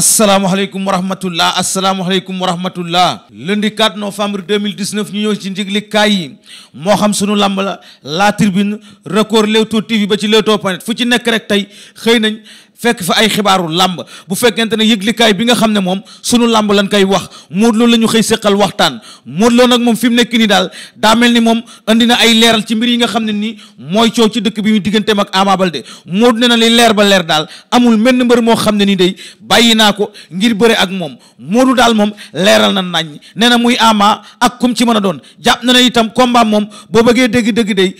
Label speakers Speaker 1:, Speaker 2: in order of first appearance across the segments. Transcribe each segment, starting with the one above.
Speaker 1: asalaamaaleykum wa rahmatullah asalaamaaleykum wa rahmatullah lundi 4 novembre 2019 ñu ñëw ci njigli kaay yi moo xam sunu làmb la la tribune record Leewtoo TV ba ci Leewtoo point fu ci nekk rek tey xëy nañ fekk fa ay xibaaru làmb bu fekkente ne yëglikaay bi nga xam ne moom sunu làmb lañ koy wax moo Lo la ñu xëy séqal waxtaan Modou Lo nag moom fi mu nekk nii daal daa mel ni moom andi na ay leeral ci mbir yi nga xam ne nii mooy coow ci dëkk bi muy digganteem ak Ama Baldé Modou na leer ba leer daal amul menn mbër moo xam ne nii day bàyyi naa ko ngir bëre ak moom Modou daal moom leeral na nañ nee na muy Ama ak kum ci mën a doon jàpp na ne itam combat moom boo bëggee dégg-dégg day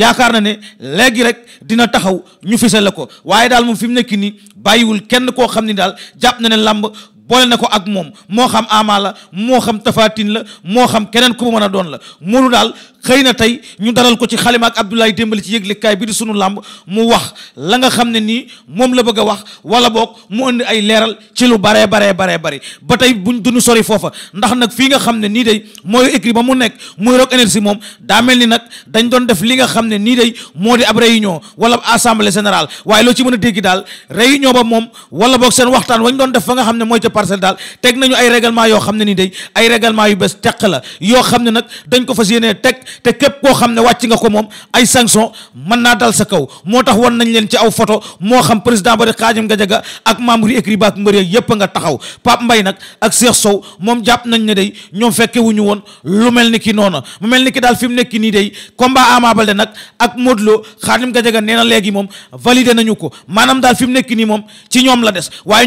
Speaker 1: yaakaar na ne léegi rek dina taxaw ñu fisale ko waaye daal moom fi mu nekk nii bàyyiwul kenn koo xam ni daal jàpp na ne làmb boole na ko ak moom moo xam Ama la moo xam Tafatine la moo xam keneen ku mu mën a doon la Modou daal xëy na tey ñu dalal ko ci xalima ak Abdoulaye Dembélé ci yëglekaay bi di suñu làmb mu wax la nga xam ne nii moom la bëgg a wax wala boog mu indi ay leeral ci lu baree baree bare bari ba tey bu buñ duñu sori foofa ndax nag fii nga xam ne nii dey mooy écrit ba mu nekk muy Rock Énergie moom daa mel ni nag dañ doon def li nga xam ne nii day moo di ab réunion wala assemblée générale waaye loo ci mën a dégg daal réunion ba moom wala boog seen waxtaan wañ doon def xam ne mooy ca parcelle daal teg nañu ay règlement yoo xam ne ni day ay règlement yu bees teq la yoo xam ne nag dañ ko fas yéenee teg te képp koo xam ne wàcc nga ko moom ay sanction mën naa dal sa kaw moo tax wan nañ leen ci aw photo moo xam président ba di Khadim Gadiaga ak membre yi écrit baak mbër yépp a nga taxaw Pape Mbaye nag ak Cheikh Sow moom jàpp nañ ne day ñoom fekke wuñu woon lu mel ni ki noona mu mel ni ki daal fi mu nekk nii day combat Ama Baldé nag ak Modou Lo Khadim Gadiaga nee na léegi moom validé ko maanaam daal fi mu nekk nii moom ci ñoom la des waaye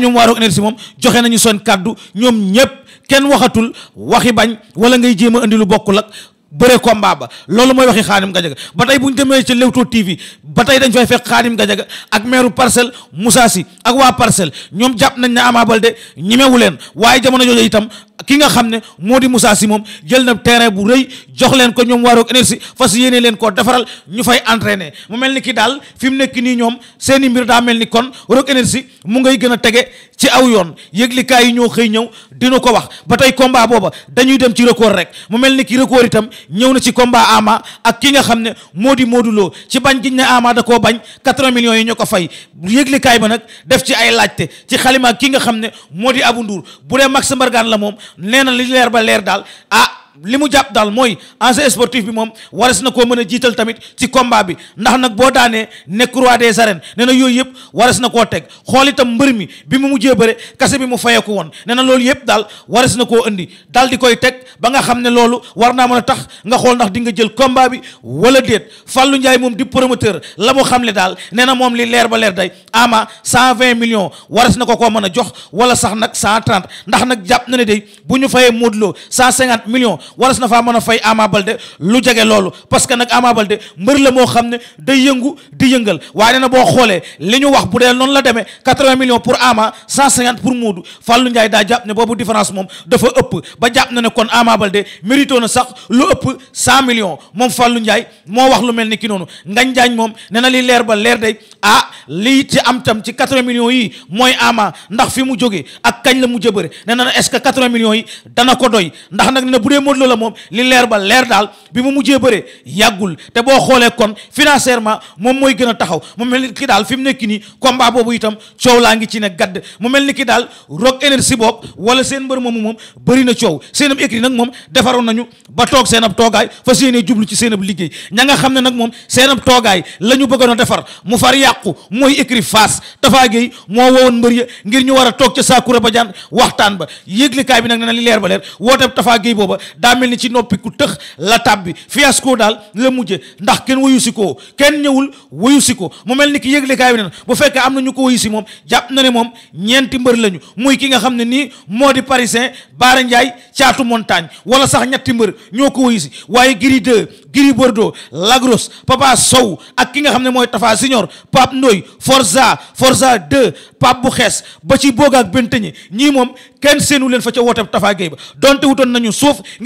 Speaker 1: seen kàddu ñoom ñépp kenn waxatul waxi bañ wala ngay jéem a indi lu bokkul ak bëre combat ba loolu mooy waxi Khadim Gadiaga ba tey bu ñu demee ci Leewtoo TV ba tey dañ fay fekk Khadim Gadiaga ak meeru Parcelles Moussa si ak waa Parcelles ñoom jàpp nañ ne Ama Baldé ñemewu leen waaye jamono jooju itam kii nga xam ne moo di Moussa si moom jël na terrain bu rëy jox leen ko ñoom Waarok énergie fas yéene leen koo defaral ñu fay entraîner mu mel ni ki daal fi mu nekk nii ñoom seeni mbir daa mel ni kon Waarok énergie mu ngay gën a tege ci aw yoon yëglikaay yi ñoo xëy ñëw dina ko wax ba tey combat booba dañuy dem ci record rek mu mel ni ki record itam ñëw na ci combat Ama ak ki nga xam ne moo di Modou ci bañ giñ ne Ama da koo bañ 80 millions yi ñu ko fay yëglikaay ba nag def ci ay laajte ci xalima ki nga xam ne moo di Abou bu dee Max Mbargane la moom nee na li leer ba leer daal ah li mu jàpp daal mooy ancien sportif bi moom waras na koo mën a jiital tamit ci combat bi ndax nag boo daanee nekk roi des arènes nee na yooyu yëpp waras na ko teg xool itam mbër mi bi mu mujjee bëre kase bi mu ko woon nee na loolu yëpp daal waras na koo indi daal di koy teg ba nga xam ne loolu war naa mën a tax nga xool ndax di nga jël combat bi wala déet Fallou njaay moom di promoteur la mu xam le daal nee na moom li leer ba leer day ama cent vingt millions waras na ko koo mën a jox wala sax nag cent ndax nag jàpp na ne day bu ñu fayee Modou cent cinquante millions waras na faa mën a fay Ama Baldé lu jege loolu parce que nag Ama de mbër la moo xam ne da yëngu di yëngal waaye nee na boo xoolee li ñu wax bu dee noonu la demee quatre-vingts millions pour Ama cent cinquante pour Moodu Fallou Ndiaye daa jàpp ne boobu différence moom dafa ëpp ba jàpp na ne kon Ama Baldé mérito na sax lu ëpp cent millions moom Fallou Ndiaye moo wax lu mel ni ki noonu nga njaañ moom nee na li leer ba leer day ah lii ci am tam ci quatre-vingts millions yi mooy Ama ndax fi mu jógee ak kañ la mu jëbëre nee na est-ce que quatre-vingts millions yi dana ko doy Modou Lo la moom li leer ba leer daal bi mu mujjee bëree yàggul te boo xoolee kon financièrement moom mooy gën a taxaw mu mel ni ki daal fi mu nekk nii combat boobu itam coow laa ngi ci ne gàdd mu mel ni ki daal Rock Énergie boob wala seen mbër mu moom bëri na coow seenam écrit nag moom defaroon nañu ba toog seen ab toogaay fas yéenee jublu ci seen ab liggéey ña nga xam ne nag moom seen ab toogaay la ñu bëggoon a defar mu far yàqu mooy écrit face Tapha Gueye moo woowoon mbër ya ngir ñu war a toog ca Saakura Badiane waxtaan ba yëglikaay bi nag nee na leer ba leer woote Tapha Gueye daa mel ni ci noppi ku tëx la tab bi fiasco daal la mujje ndax kenn wayu si koo kenn ñëwul wayu si ko mu mel ni ki yëglekaay bi na bu fekkee am na ñu ko wayu si moom jàpp na ne moom ñeenti mbër lañu muy ki nga xam ne nii moo di parisien Baara Ndiaye caatu montagne wala sax ñetti mbër ñoo ko wayu si waaye Gris 2 Gris Bordeaux Lagros Papa Sow ak ki nga xam ne mooy Tafa Signor Pape Ndoy Forza Forza 2 Pape bu xees ba ci boog ak benteñi ñii moom kenn seenu leen fa ca woote Tafa Gueye ba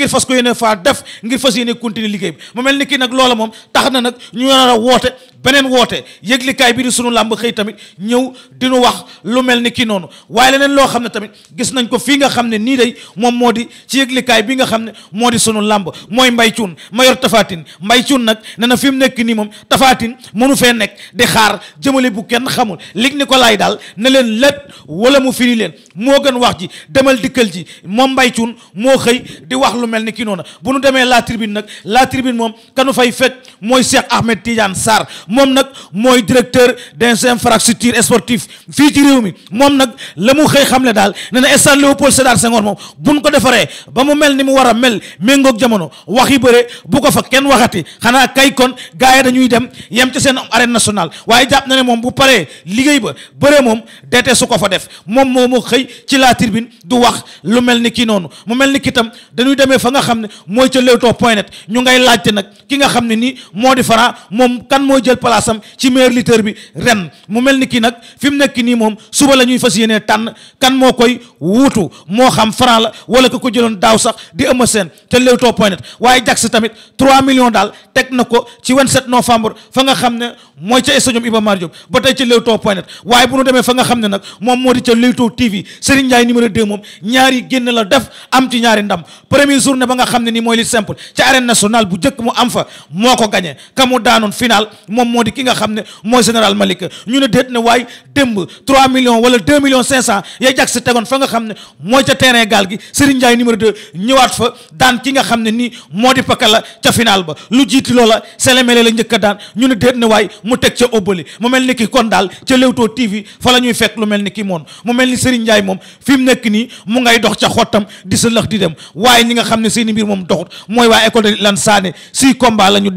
Speaker 1: ngir fas ko yéene faa def ngir fas yéene continuer liggéey bi mu mel ni kii nag loola moom tax na nag ñu nar a woote beneen woote yëglikaay bi di sunu làmb xëy tamit ñëw dinu wax lu mel ni kii noonu waaye leneen loo xam ne tamit gis nañ ko fii nga xam ne nii day moom moo di ci yëglikaay bi nga xam ne moo di sunu làmb mooy mbay cuun mayor tafaatin mbay nag ne na fi mu nekk nii moom tafaatin mënu fee nekk di xaar jëmale bu kenn xamul lig ni ko laay daal ne leen lépp wala mu firi leen moo gën wax ji demal dikkal ji moom mbay cuun moo xëy di wax lu mel ni kii noonu bu nu demee la tribune nag la tribune moom kanu fay fekk mooy Cheikh Ahmed Tidiane Sarr moom nag mooy directeur des infrastructures sportives fii ci réew mi moom nag la mu xëy xamle daal nee na stade Léopold Sédar Senghor moom buñ ko defaree ba mu mel ni mu war a mel méngoog jamono wax yi bëre bu ko fa kenn waxati xanaa kay kon gars yi dañuy dem yem ci seen arène national waaye jàpp na ne moom bu paree liggéey ba bëre moom deetee su ko fa def moom moo mu xëy ci laa tribune du wax lu mel ni kii noonu mu mel ni kitam dañuy demee fa nga xam ne mooy ca Leewtoo point net ñu laajte nag ki nga xam ne nii moo di Franc moom kan mooy jël jël place am ci meilleur lutteur bi ren mu mel ni kii nag fi mu nekk nii moom suba la ñuy fas yéenee tànn kan moo koy wuutu moo xam franc la wala ko ko jëloon daaw sax di ëmb seen te Leewtoo top net waaye Jax tamit 3 millions daal teg na ko ci 27 novembre fa nga xam ne mooy ca stadium Iba ba tey ci Leewtoo point waaye bu demee fa nga xam ne nag moom moo di ca Leewtoo TV Serigne Ndiaye numéro 2 moom ñaari génn la def am ci ñaari ndam première journée ba nga xam ne nii mooy li simple ci arène nationale bu njëkk mu am fa moo ko gagné moom moo di ki nga xam ne mooy général Malick ñu ne déet ne waaye démb 3 millions wala 2 millions 500 ya jag si tegoon fa nga xam ne mooy ca terrain gaal gi Serigne Ndiaye numéro ñëwaat fa daan ki nga xam ne nii moo di pakala ca final ba lu jiiti loola Sélémélé la njëkk a daan ñu ne déet ne waaye mu teg ca óbbali mu mel ni ki kon daal ca Leewtoo TV fa la ñuy fekk lu mel ni ki moon mu mel ni Serigne Ndiaye moom fi mu nekk nii mu ngay dox ca xottam di sa lëx di dem waaye ñi nga xam ne seeni mbir moom doxut mooy waa école de lan saane la ñu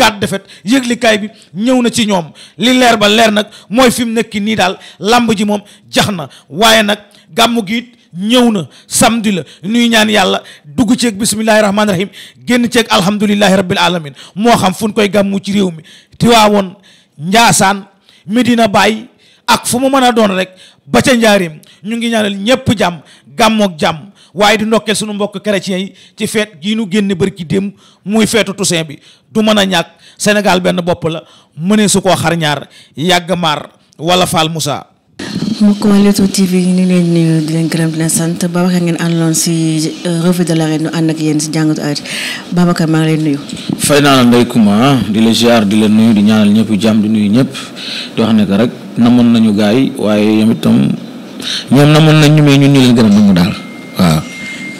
Speaker 1: quatre défaites yëglikaay bi ñëw na ci ñoom li leer ba leer nag mooy fi mu nekk nii daal làmb ji moom jax na waaye nag gàmmu giit ñëw na samedi la nuy ñaan yàlla dugg ceeg bisimillahi rahmaani rahim génn ceeg alhamdulilahi rabbil alamin moo xam fu koy gàmmu ci réew mi Tiwaawoon Njaasaan Medina Baay ak fu mu mën a doon rek ba ca njaareem ñu ngi ñaanal ñépp jàmm gàmmook jàmm waaye di ndokkeel suñu mbokk chrétiens yi ci feet gii nu génne bërki démb muy feetu Toussaint bi du mën a ñàkk Sénégal benn bopp la mënee su ko xar ñaar yàgg maar wala Fall Moussa.
Speaker 2: mbokk waa Leewtoo TV ñu ngi leen di leen gërëm di leen sant ngeen àndaloon si euh, revue de l'arène ñu ànd ak yéen maa ngi lay nuyu.
Speaker 3: fay naa la Ndeye ah, di la ziar di la nuyu di ñaanal ñëpp jàmm di nuyu ñëpp di wax ne que rek namoon nañu gars yi waaye yam itam ñoom namoon nañ ñu mais ñun ñu leen gën a daal.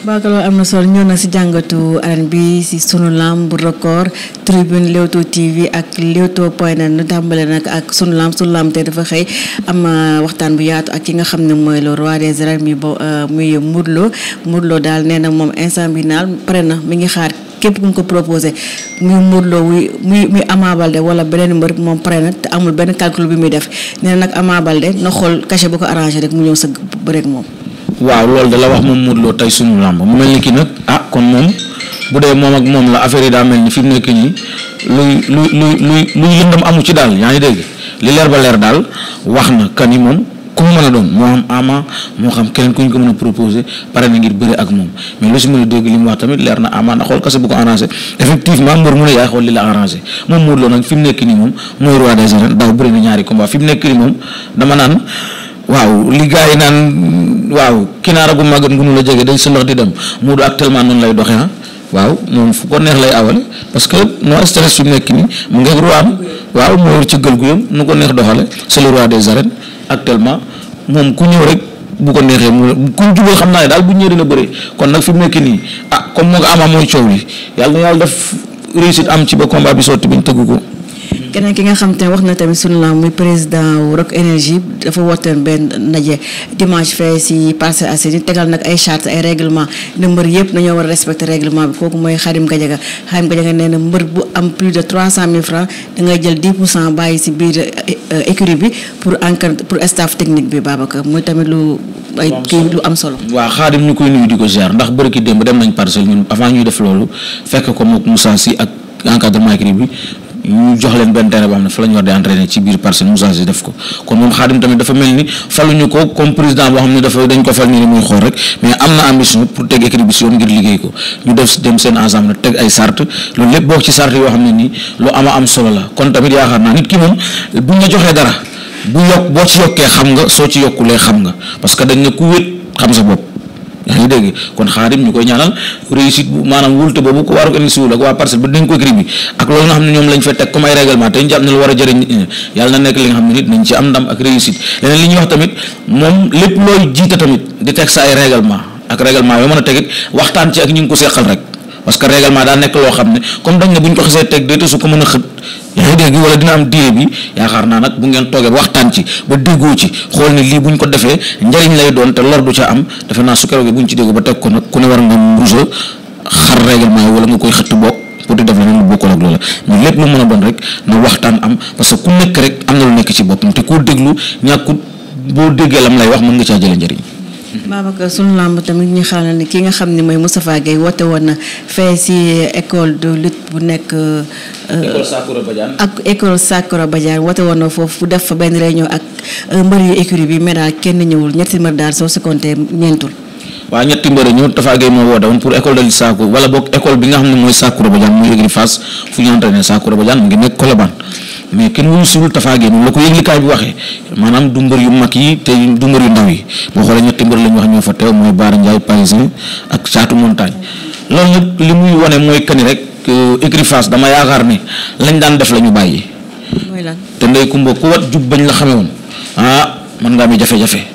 Speaker 2: baakalool am na sol ñëw na si jàngatu arène bi si sunu lamb record tribune Leewtoo TV ak Leewtoo point na nu tàmbale nag ak sunu lamb sunu lamb te dafa xëy am euh, waxtaan bu yaatu ak ki nga xam ne mooy loo roi des arènes mi bo euh, muy Modou Lo daal nee na moom instant bi pare na mi ngi xaar képp ku ko proposé muy Modou Lo muy muy muy wala beneen mbër moom pare na te amul benn calcul bi muy def nee nag Ama Baldé na xool cachet bu ko arrangé rek mu ñëw sëgg ba rek moom.
Speaker 3: waaw loolu da la wax moom Modou loo tey suñu làmb mu mel ni ki nag ah kon moom bu dee moom ak moom la affaire yi daa mel ni fi mu nekk nii luy luy luy luy luy lëndam amu ci daal yaa ngi dégg li leer ba leer daal wax na kani moom ku mu mën a doon moo xam Ama moo xam keneen ku ñu ko mën a proposé pare na ngir bëre ak moom mais lu si mën a dégg li mu wax tamit leer na Ama na xool kese bu ko arrangé effectivement mbër mu ne yaay xool li la arrangé moom Modou fi mu nekk nii moom mooy roi des arènes daaw bëri na ñaari waaw li gars yi naan waaw kinaara gu màggat gu nu la jege day sëlëx di dem mu du actuellement noonu lay doxe ah waaw moom fu ko neex lay awale parce que no fi mu nekk nii mu ngi ruwaam waaw mooy ci gël gu yam nu ko neex doxale c'est le roi des arènes actuellement moom ku ñëw rek bu ko neexee mu ku jubal xam naa ne daal bu ñëwee dina bëre kon nag fi mu nekk nii ah comme moo ko amaa mooy coow li yàlla na yàlla def réussite am ci ba combat bi sotti bi ñu tëggu ko
Speaker 2: keneen ki nga xam te ne wax na tamit sunu la muy président wu Rock Énergie dafa wooteen benn ndaje dimanche fee parce Parcelles Assainies tegal nag ay charte ay réglement ne mbër yëpp nañoo war a respecter réglement bi kooku mooy Xarim Gadiaga Xarim Gadiaga nee na mbër bu am plus de trois cent mille francs da jël dix pour cent bàyyi si biir euh, écurie bi pour encadre pour staff technique bi Babacar mooy tamit lu ay kii lu am solo waaw
Speaker 3: Xarim ñu koy nuyu di ko ziar ndax bërki démb dem nañ parcelle avant ñuy def loolu fekk ko mook Moussa si ak encadrement écurie bi ñu jox leen benn terrain boo xam ne fa la ñu war di entraîner ci biir parcelle Moussa Sy def ko kon moom Khadim tamit dafa mel ni faluñu ko comme président boo xam ne dafa dañ ko fal nii rek mais am na ambition pour teg équipe bi si yoon ngir liggéey ko ñu def dem seen ensemble teg ay sart loolu lépp bokk ci sart yoo xam ne nii lu ama am solo la kon tamit yaakaar naa nit ki moom buñ la joxee dara bu yokk boo ci yokkee xam nga soo ci yokkulee xam nga parce que dañ ne ku wét xam sa bopp. yaa ngi dégg kon xaadim ñu koy ñaanal réussite bu maanaam wulte boobu ko waaru NSU ak waa parcelle ba dénk ko écrit bi ak loolu nga xam ne ñoom lañ fa teg comme ay règlement te ñu ne lu war a jëriñ yàlla na nekk li nga xam ne nit nañ ci am ndam ak réussite leneen li ñuy wax tamit moom lépp looy jiite tamit di teg sa ay réglement ak règlement yoo mën a tegit waxtaan ci ak ñu ngi ko seqal rek parce que règlement daa nekk loo xam ne comme dañ ne bu ko xasee teg déete su ko mën a xët yaa ngi dégg wala dina am diir bi yaakaar naa nag bu ngeen toogee ba waxtaan ci ba déggoo ci xool ne lii bu ñu ko defee njariñ lay doon te lor du ca am defe naa su keroog bu ñu ci dégg ba teg ko nag ku ne war nga mbuusa xar règlement yi pour di def leneen lu bokkul ak loola mais a doon rek na waxtaan am parce que ku nekk rek am na lu nekk ci boppam te koo déglu ñàkkut boo déggee lam lay wax mën nga caa jëlee njariñ
Speaker 2: Babacar sunu làmb tamit ñu xamal ne kii nga xam ne mooy Moustapha Gueye woote woon na fee si école de lutte bu nekk. ak euh, Sakura Badiane. ak école wote woon na foofu def fa benn réunion ak euh, mbër yu écurie bi mais kenn ñëwul ñetti mbër daal soo seconté ñeentul.
Speaker 3: waaw ñetti mbër ñu Tafa Gueye moo woote woon pour école de lutte Sakura wala boog école bi nga xam ne mooy Sakura Badiane muy écurie Fass fu ñu entraîné a Badiane mu ngi nekk Colobane. mais kenn wuñu siwul tafaagee moom la ko yëglikaay bi waxee maanaam du yu mag yi te du yu ndaw yi boo xoolee ñetti mbër lañ wax ñoo fa teew mooy Baara Ndiaye parisien ak Caatu Montagne loolu nag li muy wane mooy kani rek écurie euh, Fass dama yaakaar ne lañ daan def la ñu bàyyi te ndey kumba ku wat jub bañ la xamee woon ah mën nga mi jafe-jafe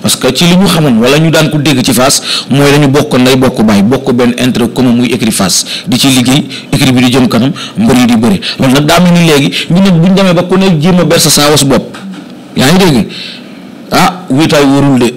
Speaker 3: parce que ci li ñu xamoon wala ñu daan ko dégg ci Fass mooy dañu bokk nday bokk baay bokk benn intérêt commun muy écurie Fass di ci liggéey écurie bi di jëm kanam mbër yi di bëri loolu nag daa bu ñu demee ba ku ne a ber sa saawas bopp yaa ngi dégg ah wéetaay de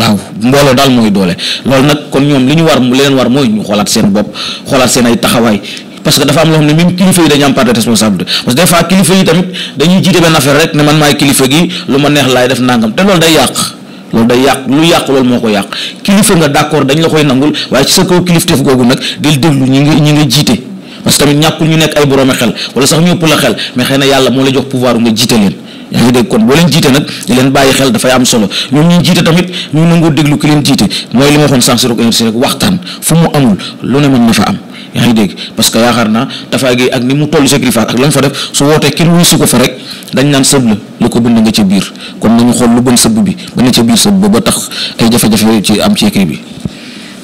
Speaker 3: waaw mbooloo daal mooy doole loolu nag kon ñoom li ñu war li leen war mooy ñu xoolaat seen bopp xoolaat seen ay taxawaay parce que dafa am loo xam ne même kilifa yi dañu am part de parce que des kilifa yi tamit dañuy jiite benn affaire rek ne man maay kilifa gi lu ma nee laay def nangam te day yàq. loolu day yàq lu yàq loolu moo ko yàq kilifa nga d'accord dañ la koy nangul waaye ci sa kaw kilifteef googu nag del déglu ñi nga ñi nga jiite parce tamit ñàkkul ñu nekk ay boroomi xel wala sax ñu xel mais xëy na yàlla moo la jox pouvoir nga jiite leen yaa kon jiite nag di xel dafay am solo ñoom ñuy jiite tamit ñu nangoo déglu ki leen jiite mooy li ma waxoon sànq si rek waxtaan fu mu amul lu ne mën na fa am yaa ngi dégg parce que yaakaar naa dafa Gueye ak ni mu toll sacrifice ak la mu fa def su wootee kenn wuy su ko fa rek dañ naan sëb la lu ko bind nga ca biir kon nañu xool lu bon sëb bi ba ne ca biir sëb tax ay jafe-jafe ci am ci
Speaker 1: écrit bi.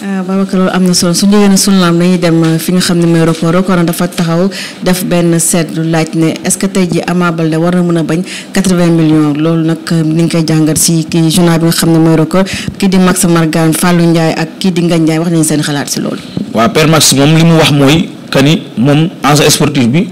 Speaker 2: Euh, Babacar loolu am na solo su ñu jógee ne sunu dañuy dem euh, fi nga xam ne mooy record record na dafa taxaw def benn seetlu laaj ne est-ce que tey jii Ama Baldé war na mën a bañ 80 millions loolu nag euh, ni ñu koy jàngat si kii journal bi nga xam ne mooy record kii di Max Margan Fallou Ndiaye ak kii di Ngagne Ndiaye wax nañu seen xalaat si loolu.
Speaker 3: waaw Père Max moom li mu wax mooy que ni moom ancien sportif bi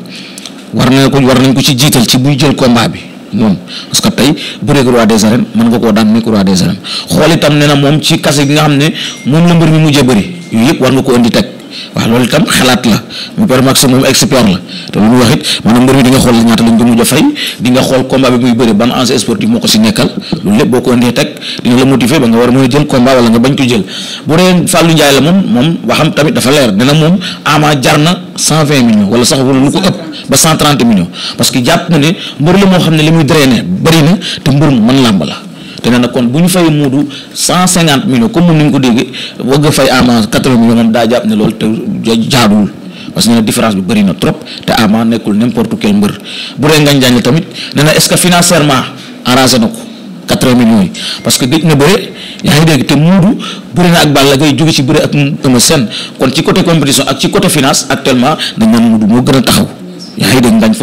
Speaker 3: war na ko war nañ ko ci jiital ci buy jël combat bi moom parce que tey bëreeg roi des arènes mën nga koo daan nekk roi des arènes xool itam ne na moom ci kase gi nga xam ne moom la mbër mi mujjee bëri yooyu yëpp war nga ko indi teg waaw loolu itam xalaat la mu pare max la te lu mu wax it maanaam mbër mi di nga xool ñaata lañ ko mujj a fay di nga xool combat bi muy bëri ban enjeu sportif moo ko si ba nga war a mën a jël combat wala nga bañ ko jël bu dee Fallou Ndiaye la moom moom waxam tamit dafa leer dina moom ama jar na cent vingt millions wala sax wala lu ko ëpp ba cent trente millions parce que jàpp na ne mbër la moo xam ne li muy drainer bëri na te mbër mu mën làmb la. te nee kon bu ñu fay muudu cent cinquante millions comme ni ñu ko déggee bëgg a fay Ama quatre-vingts millions moom daa jàpp ne loolu te jaaduwul parce que nee différence bi bëri na trop te Ama nekkul n'importe quel mbër bu dee Ngagne Diagne tamit nee na ce que financièrement arrangé na ko quatre-vingts millions yi parce que géej na bëre yaa ngi dégg te muudu bëri na ak Balla Gaye jóge ci bëre ak Eumeu Sène kon ci côté compétition ak ci côté finance actuellement dañ naan muudu moo gën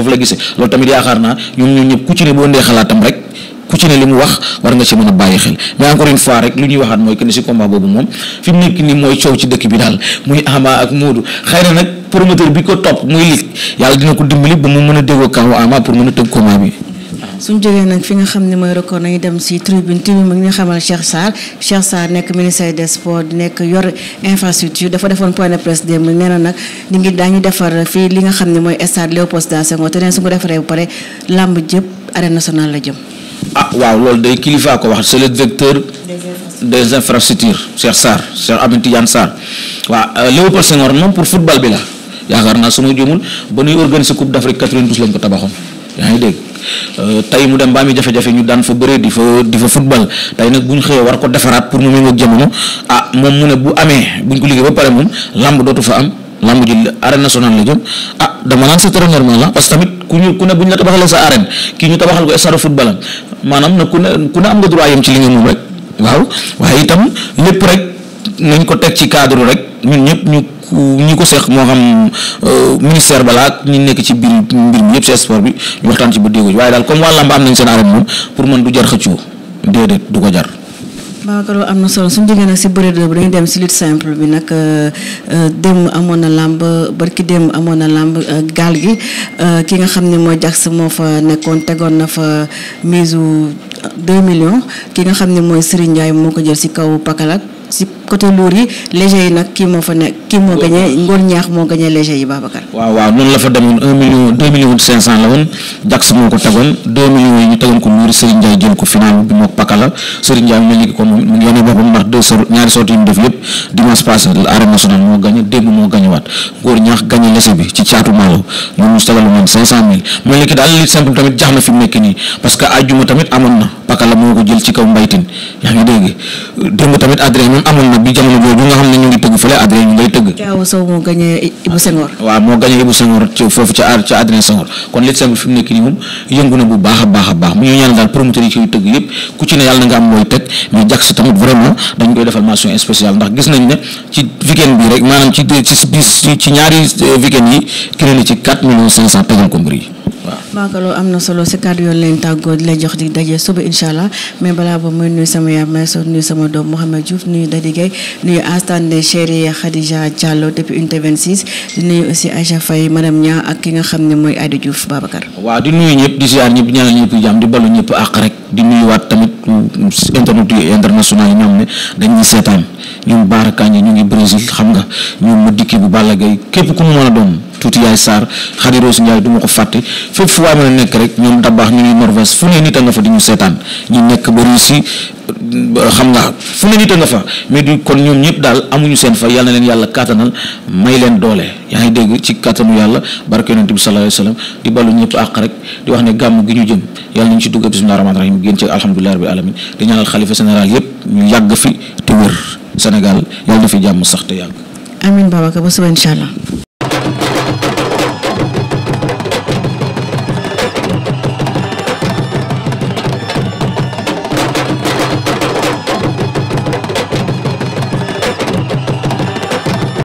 Speaker 3: la gisee loolu tamit yaakaar naa ñoom ñoo ñëpp ku ci ne boo xalaatam rek. ku ci ne li mu wax war nga ci mën a bàyyi xel mais encore une fois rek li ñuy waxaat mooy que ne si combat boobu moom fi mu nekk nii mooy coow ci dëkk bi daal muy Ama ak Modou ko topp muy lig yàlla dina ko dimbali mu mën a déggoo kaw Ama pour mën a tëgg combat bi.
Speaker 2: suñ jógee nag fi nga xam ne mooy record nañu dem si tribune tribune mu ngi xamal Cheikh Sarr Cheikh Sarr nekk ministère des sports nekk yor infrastructure dafa defoon point de presse démb nee na nag ñu ngi daañu defar fii li nga xam ne mooy stade Léopold Sédar su ko defaree bu pare làmb jëpp arène nationale la jëm.
Speaker 3: ah waaw loolu day kilifaa ko wax c'est le vecteur des infrastructures Cheikh Sarr Cheikh Ahmed Tidiane Sarr waaw euh, Léopold Senghor moom pour football bi la yaakaar naa su ma jumul ba ñuy organiser coupe d'Afrique 92 lañ ko tabaxoon yaa ngi dégg euh, tey mu dem baa ami jafe-jafe ñu daan fa bëree di fa di fa football tey nag bu ñu xëyee war ko defaraat pour mu méngoo ak jamono ah moom mu ne bu amee buñ ko liggéey ba pare moom làmb dootu fa am. lamb ji arène nationale la jëm ah dama naan c'est très la parce tamit ku ñu ku ne bu ñu la tabaxalee sa arène kii ñu tabaxal ko stade football maanaam na ku ne ku ne am nga droit yam ci li nga moom rek waaw waaye itam lépp rek nañ ko teg ci cadre rek ñun ñëpp ñu ñi ko seex moo xam euh, ministère balaa ñi nekk ci biir mbir mi yëpp ci sport bi ñu waxtaan ci ba déggoo waaye daal comme waa làmb am nañ seen arène moom pour man du jar xëccoo déedéet du ko jar.
Speaker 2: Babacar am na solo suñu jógee nag si bëri bi dañuy dem si lutte simple bi nag euh, euh, démb amoon na làmb barki démb amoon na làmb euh, gaal gi ki nga xam ne mooy Jax moo fa nekkoon tegoon na fa mise 2 millions ki nga xam ne mooy Serigne Ndiaye moo ko jël si kaw Pakala si côté lourd yi léger yi nag kii moo fa nekk kii moo gagné ngóor ñaax moo gagné léger yi Babacar. waaw
Speaker 3: waaw noonu la fa demoon un million deux millions cinq cent la woon Jackson ko tegoon deux millions yi ñu tegoon ko lourd Serigne Ndiaye jël ko final bi moog Pakala Serigne Ndiaye mu ngi ko mu ngi yónnee boppam ndax deux sor ñaari sorties yu mu def yëpp dimanche passé moom na fi mu moo ko jël ci kaw mbaytin yaa ngi dégg démb tamit adré moom amoon na nag bi jamono boobu nga xam ne ñu ngi tëgg fële Adrien ñu ngay tëgg. moo gagné Ibou Senghor. waaw moo gagné Ibou Senghor ci foofu ca aar ca Adrien Senghor kon li seen fi mu yëngu na bu baax a baax a baax mu ñu ñaan daal promoteur yi ciy tëgg yëpp ku ci ne yàlla nga am looy teg mais Jax tamit vraiment dañ koy defal mention spéciale ndax gis nañ ne ci weekend bi rek maanaam ci ci ci ñaari weekend yi ki ne ci 4 millions 500 tegal waaw
Speaker 2: Bakalo am na solo si kàddu yoon leen tàggoo di la jox di daje suba incha allah mais balaa boobu muy nuyu sama yaay may so nuyu sama doom Mouhamed Diouf nuyu Dadi Gueye nuyu Astane Chéri Khadija Diallo depuis unité 26 di nuyu aussi Aïcha Faye madame Nia ak ki nga xam ne mooy Aïda Diouf Babacar.
Speaker 3: waaw di nuyu ñëpp di ziar ñëpp ñaanal ñëpp jàmm di balu ñëpp àq rek di nuyuwaat tamit internet yu international yi ñoom ne seetaan ñoom Baara Kañ ñu ngi Brésil xam nga ñoom mu dikki bu Balla Gaye képp ku a doon. tuuti yaay Sarr Khady Rose Ndiaye du ko fàtte fépp fu waay mën a nekk rek ñoom dabaax ñu ngi Norvège fu ne nit a nga fa di ñu seetaan ñu nekk ba Russie xam nga fu ne nit a nga fa mais kon ñoom ñëpp daal amuñu seen fa yàlla leen yàlla kàttanal may leen doole yaa ngi dégg ci kàttanu yàlla barke yonent bi sallallahu alayhi wasallam di ballu ñëpp àq rek di wax ne gàmm gi ñu jëm yàlla nañu ci dugg bismillah rahmaan rahim génn ci alhamdulillahi rabbil alamin di ñaanal xalifa général yëpp ñu yàgg fi te wér Sénégal yàlla na fi jàmm sax te yàgg